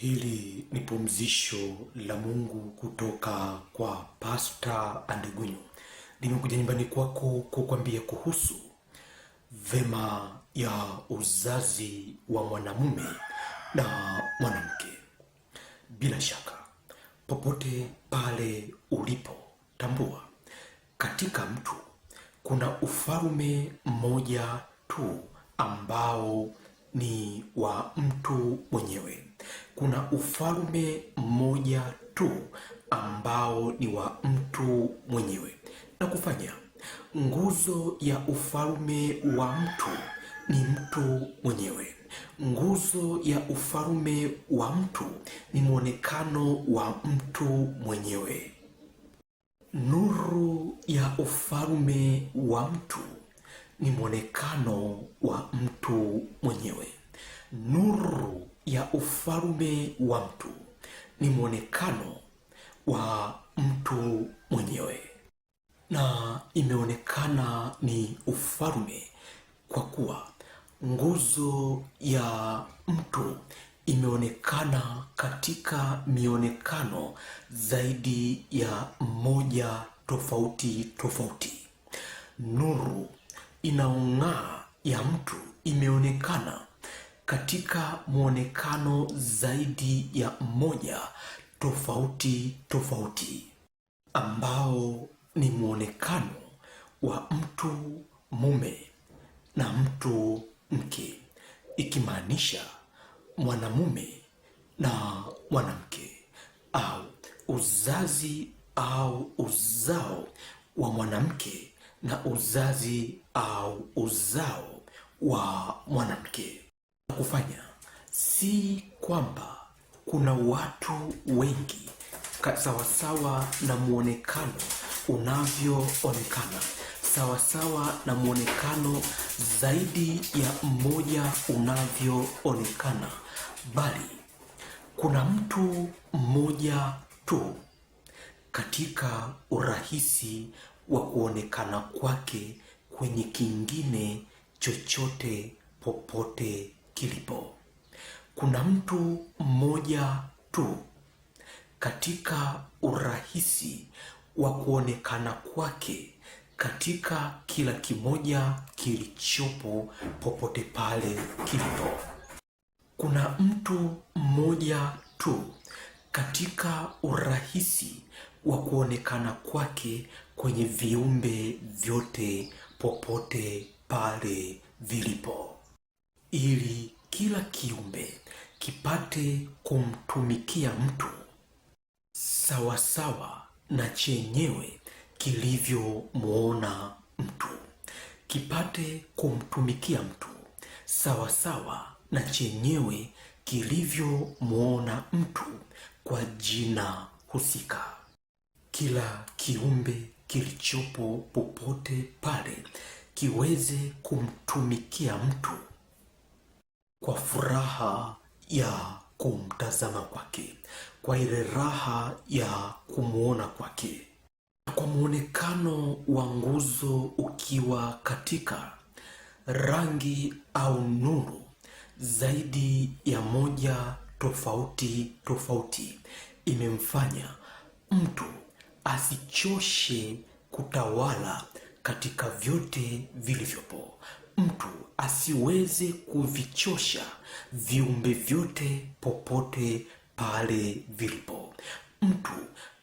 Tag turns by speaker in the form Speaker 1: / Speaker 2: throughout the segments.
Speaker 1: Hili ni pumzisho la Mungu kutoka kwa Pasta Andegunyu. Nimekuja nyumbani kwako kukwambia kuhusu vema ya uzazi wa mwanamume na mwanamke. Bila shaka, popote pale ulipo, tambua katika mtu kuna ufalme mmoja tu ambao ni wa mtu mwenyewe kuna ufalme mmoja tu ambao ni wa mtu mwenyewe, na kufanya nguzo ya ufalme wa mtu ni mtu mwenyewe. Nguzo ya ufalme wa mtu ni mwonekano wa mtu mwenyewe. Nuru ya ufalme wa mtu ni mwonekano wa mtu mwenyewe. Nuru ya ufalme wa mtu ni mwonekano wa mtu mwenyewe, na imeonekana ni ufalme kwa kuwa nguzo ya mtu imeonekana katika mionekano zaidi ya mmoja tofauti tofauti. Nuru inaong'aa ya mtu imeonekana katika mwonekano zaidi ya mmoja tofauti tofauti, ambao ni mwonekano wa mtu mume na mtu mke, ikimaanisha mwanamume na mwanamke au uzazi au uzao wa mwanamke na uzazi au uzao wa mwanamke. Kufanya si kwamba kuna watu wengi sawasawa na mwonekano unavyoonekana, sawasawa na mwonekano zaidi ya mmoja unavyoonekana, bali kuna mtu mmoja tu katika urahisi wa kuonekana kwake kwenye kingine chochote popote kilipo. Kuna mtu mmoja tu katika urahisi wa kuonekana kwake katika kila kimoja kilichopo popote pale kilipo. Kuna mtu mmoja tu katika urahisi wa kuonekana kwake kwenye viumbe vyote popote pale vilipo ili kila kiumbe kipate kumtumikia mtu sawasawa na chenyewe kilivyomwona mtu, kipate kumtumikia mtu sawasawa na chenyewe kilivyomwona mtu kwa jina husika. Kila kiumbe kilichopo popote pale kiweze kumtumikia mtu kwa furaha ya kumtazama kwake, kwa ile raha ya kumwona kwake, kwa mwonekano wa nguzo ukiwa katika rangi au nuru zaidi ya moja tofauti tofauti, imemfanya mtu asichoshe kutawala katika vyote vilivyopo mtu asiweze kuvichosha viumbe vyote popote pale vilipo. Mtu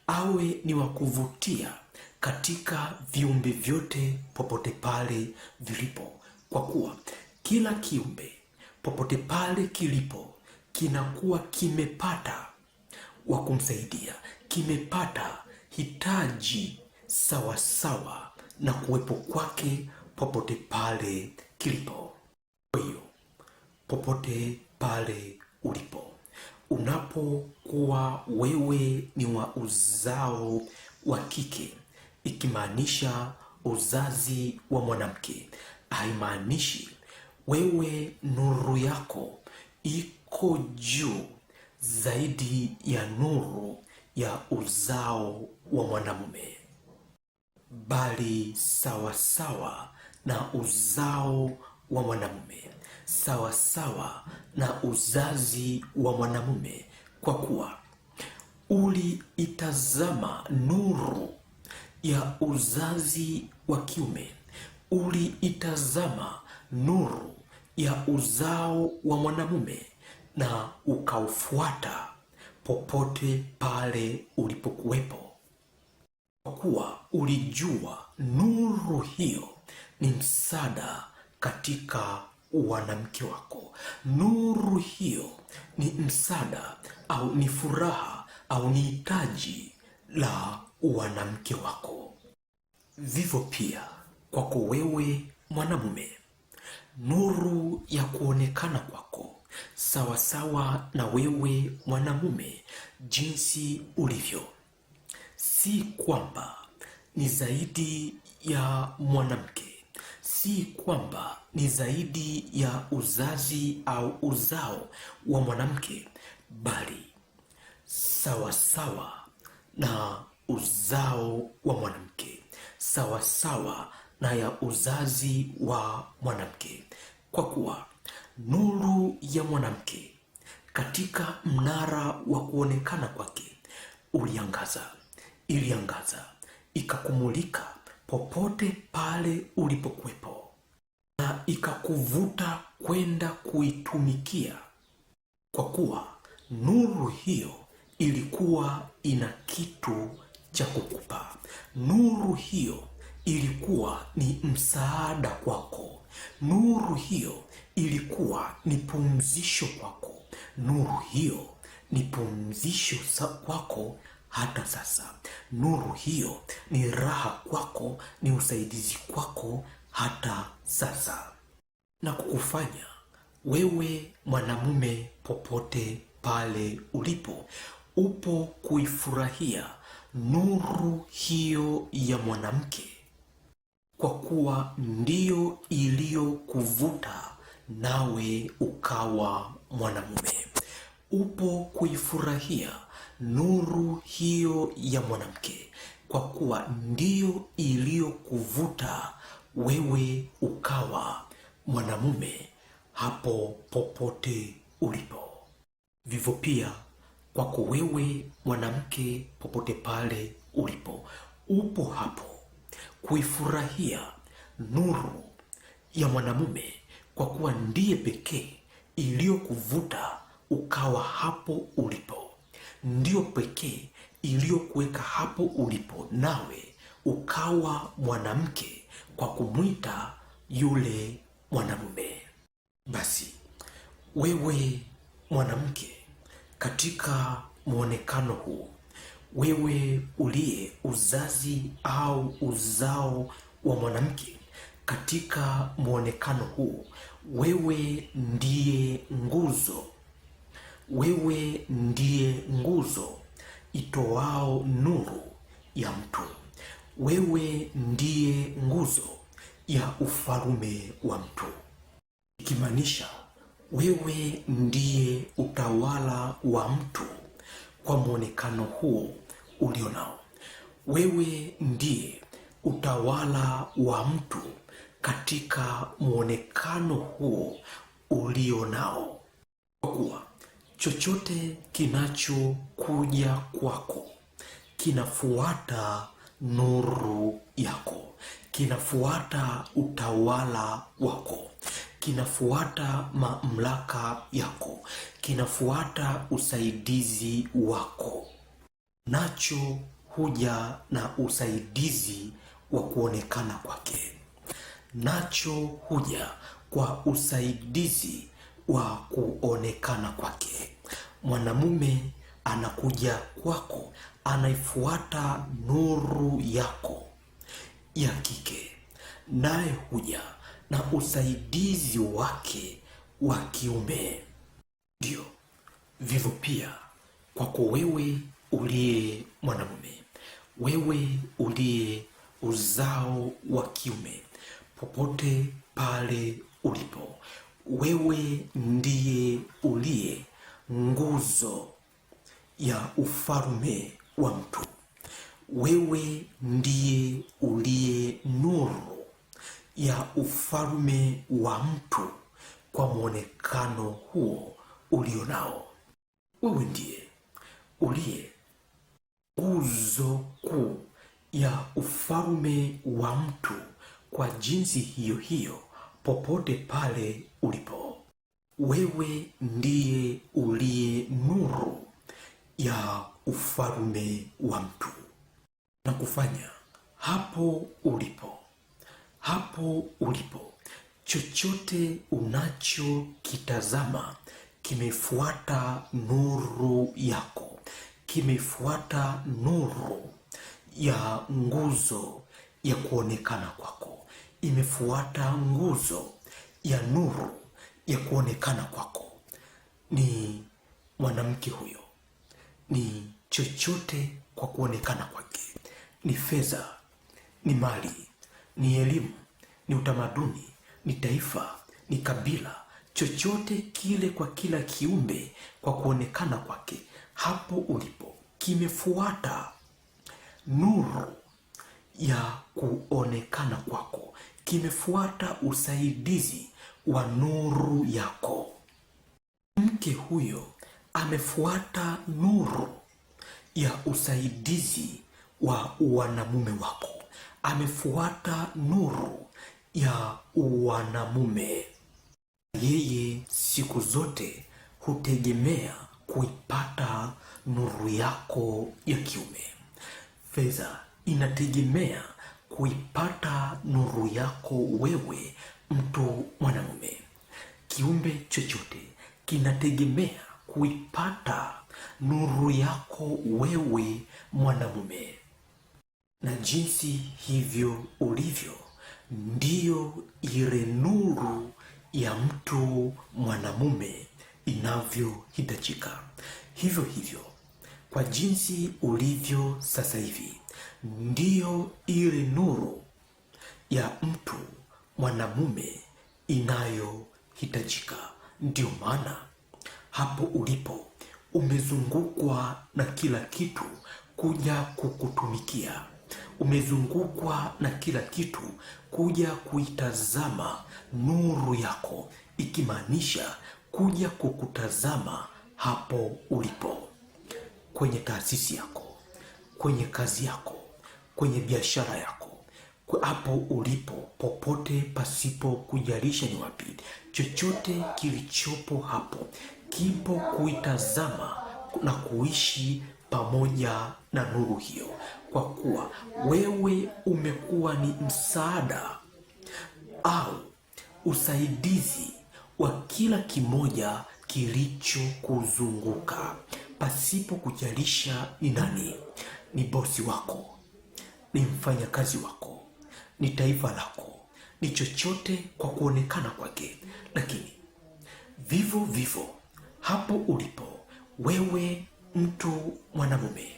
Speaker 1: awe ni wa kuvutia katika viumbe vyote popote pale vilipo, kwa kuwa kila kiumbe popote pale kilipo kinakuwa kimepata wa kumsaidia, kimepata hitaji sawasawa na kuwepo kwake popote pale kilipo. Kwa hiyo popote pale ulipo, unapokuwa wewe ni wa uzao wa kike, ikimaanisha uzazi wa mwanamke, haimaanishi wewe nuru yako iko juu zaidi ya nuru ya uzao wa mwanamume, bali sawasawa na uzao wa mwanamume sawa sawa na uzazi wa mwanamume, kwa kuwa uliitazama nuru ya uzazi wa kiume, uliitazama nuru ya uzao wa mwanamume na ukaufuata popote pale ulipokuwepo, kwa kuwa ulijua nuru hiyo ni msaada katika wanamke wako. Nuru hiyo ni msaada au ni furaha au ni hitaji la wanamke wako. Vivyo pia kwako wewe mwanamume, nuru ya kuonekana kwako sawasawa na wewe mwanamume jinsi ulivyo, si kwamba ni zaidi ya mwanamke si kwamba ni zaidi ya uzazi au uzao wa mwanamke, bali sawasawa na uzao wa mwanamke, sawasawa na ya uzazi wa mwanamke, kwa kuwa nuru ya mwanamke katika mnara wa kuonekana kwake uliangaza, iliangaza, ikakumulika popote pale ulipokuwepo na ikakuvuta kwenda kuitumikia, kwa kuwa nuru hiyo ilikuwa ina kitu cha kukupa. Nuru hiyo ilikuwa ni msaada kwako. Nuru hiyo ilikuwa ni pumzisho kwako. Nuru hiyo ni pumzisho kwako hata sasa. Nuru hiyo ni raha kwako, ni usaidizi kwako hata sasa, na kukufanya wewe mwanamume, popote pale ulipo, upo kuifurahia nuru hiyo ya mwanamke, kwa kuwa ndiyo iliyokuvuta nawe ukawa mwanamume, upo kuifurahia nuru hiyo ya mwanamke, kwa kuwa ndiyo iliyokuvuta wewe ukawa mwanamume hapo popote ulipo. Vivyo pia kwako wewe mwanamke, popote pale ulipo, upo hapo kuifurahia nuru ya mwanamume, kwa kuwa ndiye pekee iliyokuvuta ukawa hapo ulipo ndiyo pekee iliyokuweka hapo ulipo, nawe ukawa mwanamke kwa kumwita yule mwanamume. Basi wewe mwanamke, katika mwonekano huu, wewe uliye uzazi au uzao wa mwanamke, katika mwonekano huu, wewe ndiye nguzo wewe ndiye nguzo itoao nuru ya mtu, wewe ndiye nguzo ya ufalume wa mtu, ikimaanisha wewe ndiye utawala wa mtu kwa mwonekano huo ulio nao. Wewe ndiye utawala wa mtu katika mwonekano huo ulio nao, kwa kuwa chochote kinachokuja kwako kinafuata nuru yako, kinafuata utawala wako, kinafuata mamlaka yako, kinafuata usaidizi wako, nacho huja na usaidizi wa kuonekana kwake, nacho huja kwa usaidizi wa kuonekana kwake. Mwanamume anakuja kwako, anaifuata nuru yako ya kike, naye huja na usaidizi wake wa kiume. Ndio vivyo pia kwako wewe uliye mwanamume, wewe uliye uzao wa kiume, popote pale ulipo wewe ndiye uliye nguzo ya ufalme wa mtu. Wewe ndiye uliye nuru ya ufalme wa mtu kwa mwonekano huo ulio nao. Wewe ndiye uliye nguzo kuu ya ufalme wa mtu kwa jinsi hiyo hiyo popote pale ulipo, wewe ndiye uliye nuru ya ufalume wa mtu na kufanya hapo ulipo, hapo ulipo, chochote unachokitazama kimefuata nuru yako, kimefuata nuru ya nguzo ya kuonekana kwako imefuata nguzo ya nuru ya kuonekana kwako. Ni mwanamke huyo, ni chochote kwa kuonekana kwake, ni fedha, ni mali, ni elimu, ni utamaduni, ni taifa, ni kabila, chochote kile kwa kila kiumbe kwa kuonekana kwake, hapo ulipo kimefuata nuru ya kuonekana kwako kimefuata usaidizi wa nuru yako. Mke huyo amefuata nuru ya usaidizi wa wanamume wako, amefuata nuru ya wanamume. Yeye siku zote hutegemea kuipata nuru yako ya kiume. Fedha inategemea kuipata nuru yako wewe, mtu mwanamume. Kiumbe chochote kinategemea kuipata nuru yako wewe mwanamume, na jinsi hivyo ulivyo ndiyo ile nuru ya mtu mwanamume inavyohitajika. Hivyo hivyo kwa jinsi ulivyo sasa hivi ndiyo ile nuru ya mtu mwanamume inayohitajika. Ndiyo maana hapo ulipo umezungukwa na kila kitu kuja kukutumikia, umezungukwa na kila kitu kuja kuitazama nuru yako, ikimaanisha kuja kukutazama hapo ulipo, kwenye taasisi yako, kwenye kazi yako kwenye biashara yako hapo ulipo, popote pasipo kujalisha ni wapi, chochote kilichopo hapo kipo kuitazama na kuishi pamoja na nuru hiyo, kwa kuwa wewe umekuwa ni msaada au usaidizi wa kila kimoja kilichokuzunguka, pasipo kujalisha ni nani, ni bosi wako ni mfanyakazi wako, ni taifa lako, ni chochote kwa kuonekana kwake. Lakini vivyo vivyo hapo ulipo wewe, mtu mwanamume,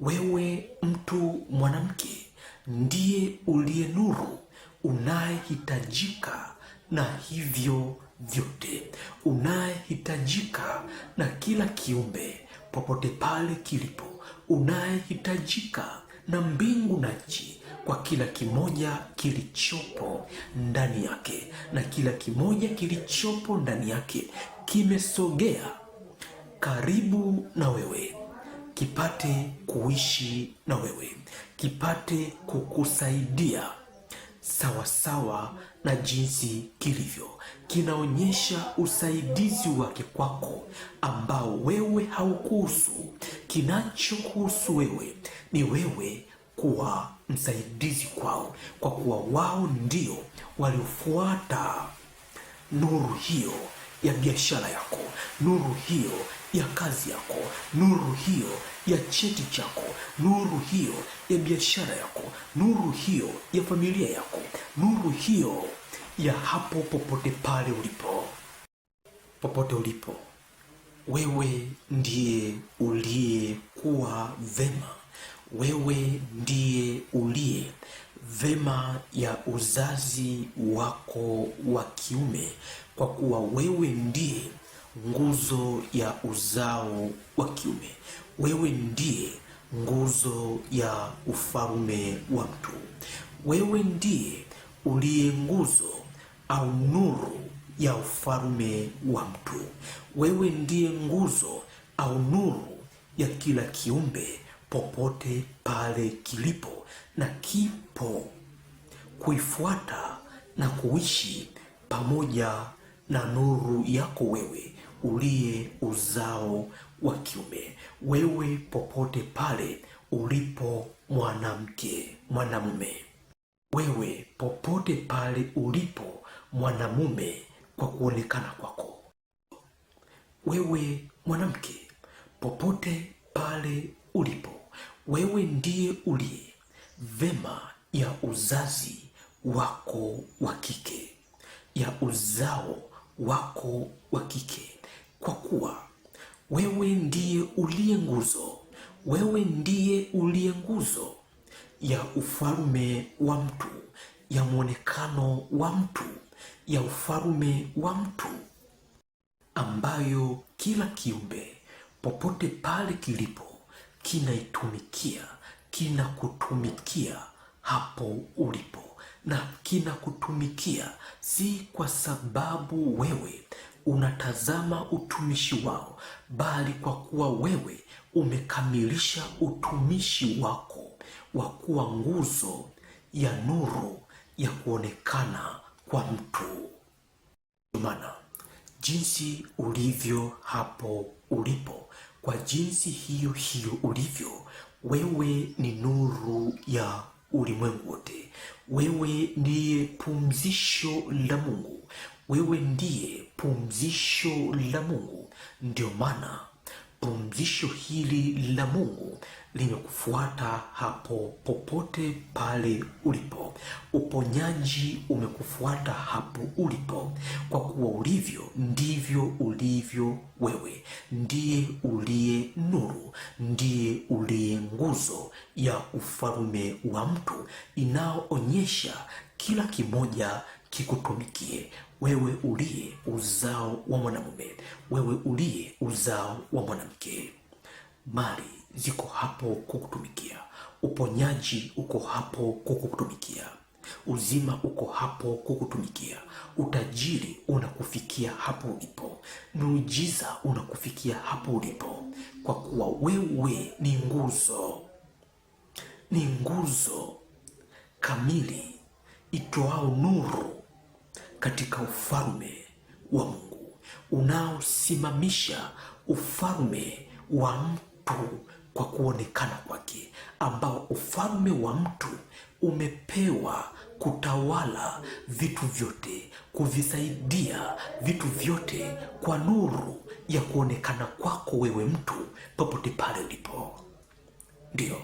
Speaker 1: wewe mtu mwanamke, ndiye uliye nuru, unayehitajika na hivyo vyote, unayehitajika na kila kiumbe popote pale kilipo, unayehitajika na mbingu na nchi, kwa kila kimoja kilichopo ndani yake, na kila kimoja kilichopo ndani yake kimesogea karibu na wewe, kipate kuishi na wewe, kipate kukusaidia sawasawa na jinsi kilivyo, kinaonyesha usaidizi wake kwako ambao wewe haukuhusu. Kinachokuhusu wewe ni wewe kuwa msaidizi kwao, kwa kuwa wao ndio waliofuata nuru hiyo ya biashara yako, nuru hiyo ya kazi yako, nuru hiyo ya cheti chako, nuru hiyo ya biashara yako, nuru hiyo ya familia yako, nuru hiyo ya hapo popote pale ulipo, popote ulipo wewe ndiye uliyekuwa vema, wewe ndiye uliye vema ya uzazi wako wa kiume, kwa kuwa wewe ndiye nguzo ya uzao wa kiume, wewe ndiye nguzo ya ufalume wa mtu, wewe ndiye uliye nguzo au nuru ya ufalme wa mtu. Wewe ndiye nguzo au nuru ya kila kiumbe popote pale kilipo na kipo, kuifuata na kuishi pamoja na nuru yako wewe uliye uzao wa kiume. Wewe popote pale ulipo, mwanamke, mwanamume wewe popote pale ulipo mwanamume, kwa kuonekana kwako wewe mwanamke, popote pale ulipo wewe ndiye uliye vema ya uzazi wako wa kike, ya uzao wako wa kike, kwa kuwa wewe ndiye uliye nguzo, wewe ndiye uliye nguzo ya ufalme wa mtu, ya mwonekano wa mtu, ya ufalme wa mtu ambayo kila kiumbe popote pale kilipo kinaitumikia, kinakutumikia hapo ulipo na kinakutumikia, si kwa sababu wewe unatazama utumishi wao, bali kwa kuwa wewe umekamilisha utumishi wako wa kuwa nguzo ya nuru ya kuonekana kwa mtu. Maana jinsi ulivyo hapo ulipo, kwa jinsi hiyo hiyo ulivyo wewe, ni nuru ya ulimwengu wote. Wewe ndiye pumzisho la Mungu, wewe ndiye pumzisho la Mungu. Ndio maana pumzisho hili la Mungu limekufuata hapo popote pale ulipo. Uponyaji umekufuata hapo ulipo, kwa kuwa ulivyo ndivyo ulivyo wewe. Ndiye uliye nuru, ndiye uliye nguzo ya ufalme wa mtu, inaoonyesha kila kimoja kikutumikie wewe uliye uzao wa mwanamume, wewe uliye uzao wa mwanamke. mali ziko hapo kukutumikia, uponyaji uko hapo kukutumikia, uzima uko hapo kukutumikia, utajiri unakufikia hapo ulipo, muujiza unakufikia hapo ulipo, kwa kuwa wewe ni nguzo, ni nguzo kamili itoao nuru katika ufalme wa Mungu unaosimamisha ufalme wa mtu tu kwa kuonekana kwake, ambao ufalme wa mtu umepewa kutawala vitu vyote, kuvisaidia vitu vyote kwa nuru ya kuonekana kwako wewe mtu, popote pale ulipo. ndio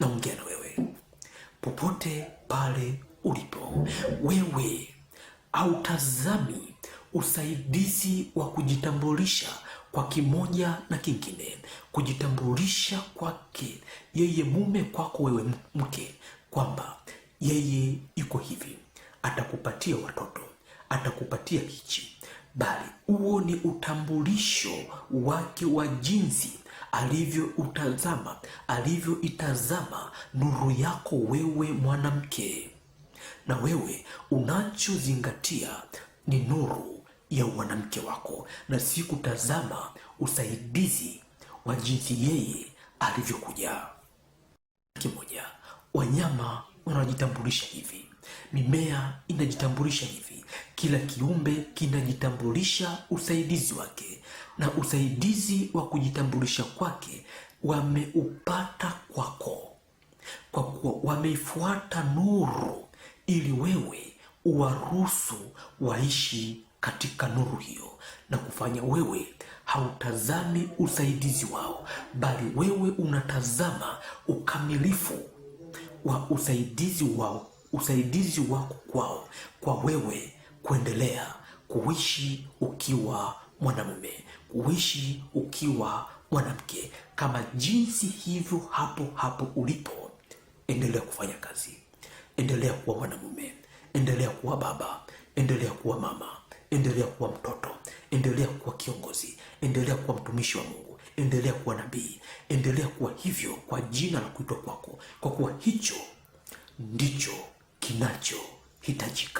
Speaker 1: naongea na wewe popote pale ulipo wewe, hautazami usaidizi wa kujitambulisha kwa kimoja na kingine, kujitambulisha kwake yeye mume kwako wewe mke, kwamba yeye yuko hivi, atakupatia watoto, atakupatia hichi, bali huo ni utambulisho wake wa jinsi alivyoutazama, alivyoitazama nuru yako wewe mwanamke, na wewe unachozingatia ni nuru ya mwanamke wako, na si kutazama usaidizi wa jinsi yeye alivyokuja. Kimoja, wanyama wanajitambulisha hivi, mimea inajitambulisha hivi, kila kiumbe kinajitambulisha usaidizi wake, na usaidizi wa kujitambulisha kwake wameupata kwako, kwa kuwa wameifuata nuru ili wewe uwaruhusu waishi katika nuru hiyo na kufanya wewe hautazami usaidizi wao, bali wewe unatazama ukamilifu wa usaidizi wao, usaidizi wako kwao, kwa wewe kuendelea kuishi ukiwa mwanamume, kuishi ukiwa mwanamke, kama jinsi hivyo hapo hapo ulipo. Endelea kufanya kazi, endelea kuwa mwanamume, endelea kuwa baba, endelea kuwa mama endelea kuwa mtoto, endelea kuwa kiongozi, endelea kuwa mtumishi wa Mungu, endelea kuwa nabii, endelea kuwa hivyo kwa jina la kuitwa kwako, kwa kuwa hicho ndicho kinachohitajika.